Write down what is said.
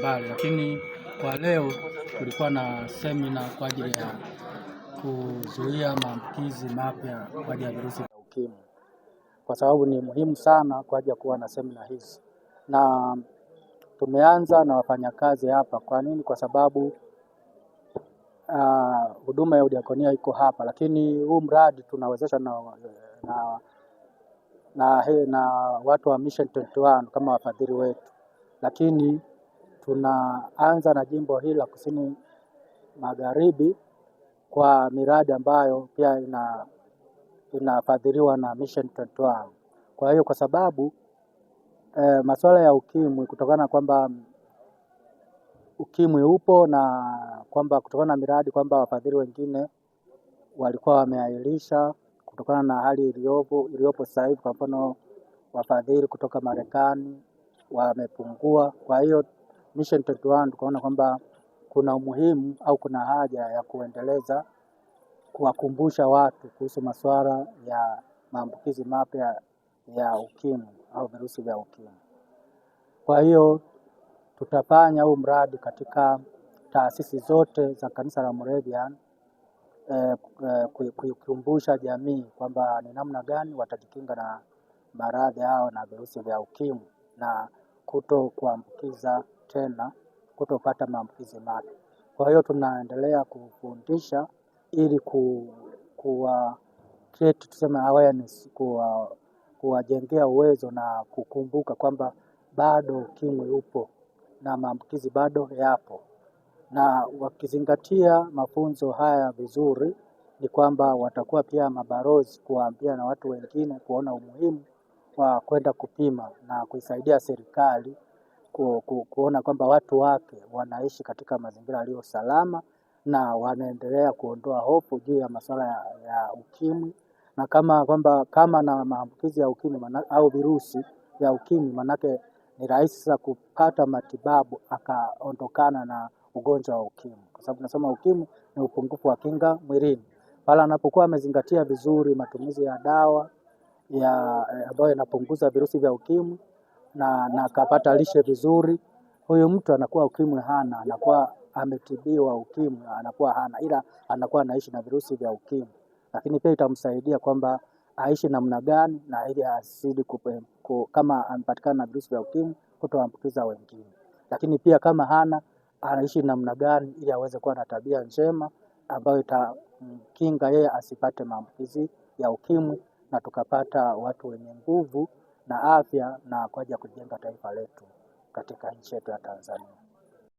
mbalimbali, lakini kwa leo tulikuwa na semina kwa ajili ya kuzuia maambukizi mapya kwa ajili ya virusi vya ukimwi, kwa sababu ni muhimu sana kwa ajili ya kuwa na semina hizi, na tumeanza na wafanyakazi hapa. Kwa nini? Kwa sababu ah, huduma uh, ya udiakonia iko hapa, lakini huu mradi tunawezesha na, na na, na, na watu wa Mission 21 kama wafadhili wetu, lakini Tunaanza na jimbo hili la kusini magharibi kwa miradi ambayo pia ina inafadhiliwa na Mission 21. Kwa hiyo kwa sababu e, masuala ya ukimwi kutokana kwamba ukimwi upo na kwamba kutokana na miradi kwamba wafadhili wengine walikuwa wameahirisha kutokana na hali iliyopo iliyopo sasa hivi, kwa mfano wafadhili kutoka Marekani wamepungua, kwa hiyo Mission 21 tukaona kwamba kuna umuhimu au kuna haja ya kuendeleza kuwakumbusha watu kuhusu masuala ya maambukizi mapya ya ukimwi au virusi vya ukimwi. Kwa hiyo tutafanya huu mradi katika taasisi zote za kanisa la Moravian eh, eh kuikumbusha jamii kwamba ni namna gani watajikinga na maradhi hao na virusi vya ukimwi na kuto kuambukiza tena kutopata maambukizi mapya. Kwa hiyo tunaendelea kufundisha ili ku, kuwa create tuseme awareness kuwa kuwajengea uwezo na kukumbuka kwamba bado ukimwi upo na maambukizi bado yapo, na wakizingatia mafunzo haya vizuri, ni kwamba watakuwa pia mabalozi kuwaambia na watu wengine kuona umuhimu wa kwenda kupima na kuisaidia serikali ku, ku, kuona kwamba watu wake wanaishi katika mazingira yaliyo salama na wanaendelea kuondoa hofu juu ya masuala ya, ya ukimwi na kama kwamba kama na maambukizi ya ukimwi au virusi vya ukimwi, manake ni rahisi sasa kupata matibabu akaondokana na ugonjwa wa ukimwi, kwa sababu tunasema ukimwi ni upungufu wa kinga mwilini. Pale anapokuwa amezingatia vizuri matumizi ya dawa ya ambayo yanapunguza virusi vya ukimwi na, na akapata lishe vizuri, huyu mtu anakuwa ukimwi hana, anakuwa ametibiwa ukimwi anakuwa hana, ila anakuwa anaishi na virusi vya ukimwi. Lakini pia itamsaidia kwamba aishi namna gani na ili asidi ku, kama amepatikana na virusi vya ukimwi kutoambukiza wengine. Lakini pia kama hana anaishi namna gani ili aweze kuwa na tabia njema ambayo itamkinga yeye asipate maambukizi ya ukimwi na tukapata watu wenye nguvu na afya na kwa ajili ya kujenga taifa letu katika nchi yetu ya Tanzania.